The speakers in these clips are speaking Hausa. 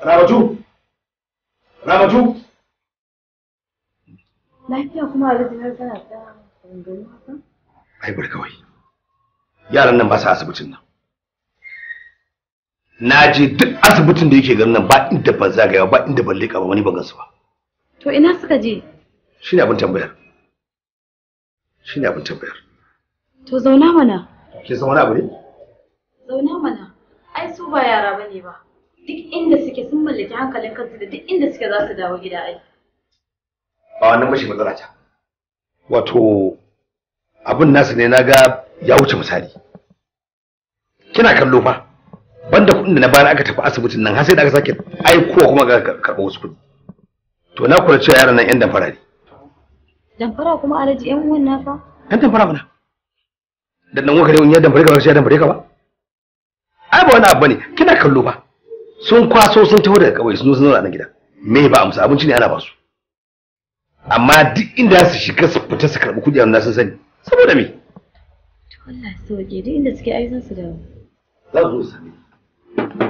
Ramatu? Ramatu? Lafiya kuma a rijinar tana ta gangani haka? Ai, bari kawai. Yaran nan ba su asibitin nan. Na je duk asibitin da yake garin nan ba inda ban zagaya ba inda ban leƙa ba wani ban gansu ba. To ina suka je? Shi ne abin tambayar. Shi ne abin tambayar. To zauna mana. Ke san wani abu Zauna mana. Ai su ba yara bane ba. duk inda suke sun mallaki hankalin kansu da duk inda suke za su dawo gida ai ba wannan mashi matsala ta wato abin nasu ne naga ya wuce misali kina kallo fa banda kuɗin da na bayar aka tafi asibitin nan har sai da aka sake aikowa kuma ga karɓar wasu kuɗi to na kula cewa yaran nan yan damfara ne damfara kuma alaji ƴan uwan na fa yan damfara mana da nan wanka ne in ya damfare ka ba ya damfara ka ba ai ba wani abu bane kina kallo ba sun kwaso sun taho daga kawai sun zo zauna gida me ba amsa abinci ne ana ba su amma duk inda su shiga su fita su karɓi kuɗi na sun sani saboda me Allah soje duk inda suke aikin su da za su zo su sani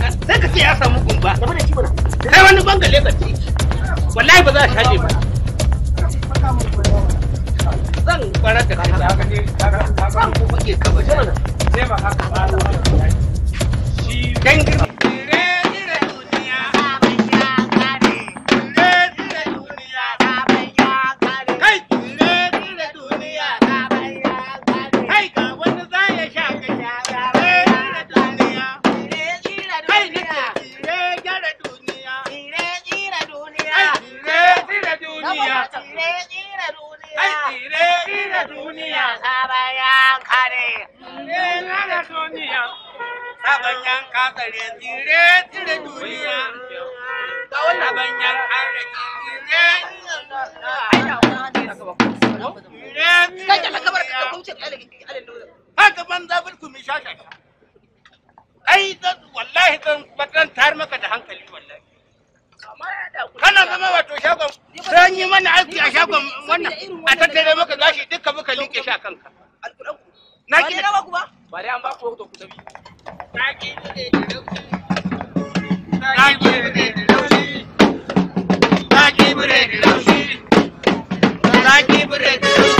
sai ka ce ya samu gumba kai wani bangale ka ci wallahi ba za a shaje ba zan kwarar da kai zan kuma ke kaba shi dangin Ni da duniya sabon da duniya sabon yanka tsare tsire duniya. Sabon yanka rake tsire. Kanya lakabar ka kumce alin mi shasha. Ai wallahi zan bakan tar maka da hankali wallahi. kana zama wato shagon yi mana aiki a shagon wannan a maka gashi duka muka liƙe shi a kanka na ki ne ba ba Bari an ba ku hoto ku tabi na ki na ne da laushi na ki bure da laushi na ki bure da laushi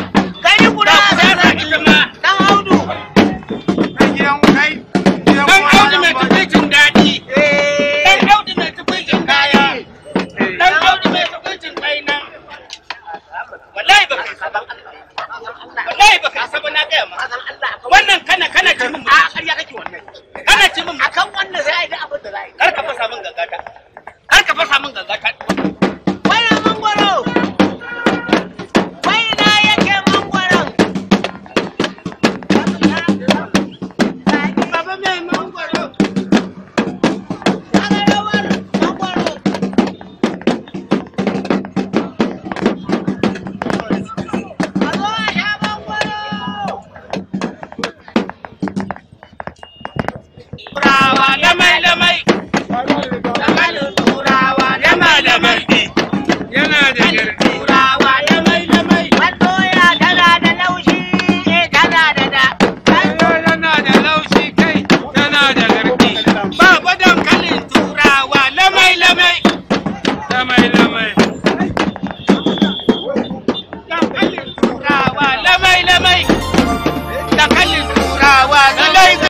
samun gagata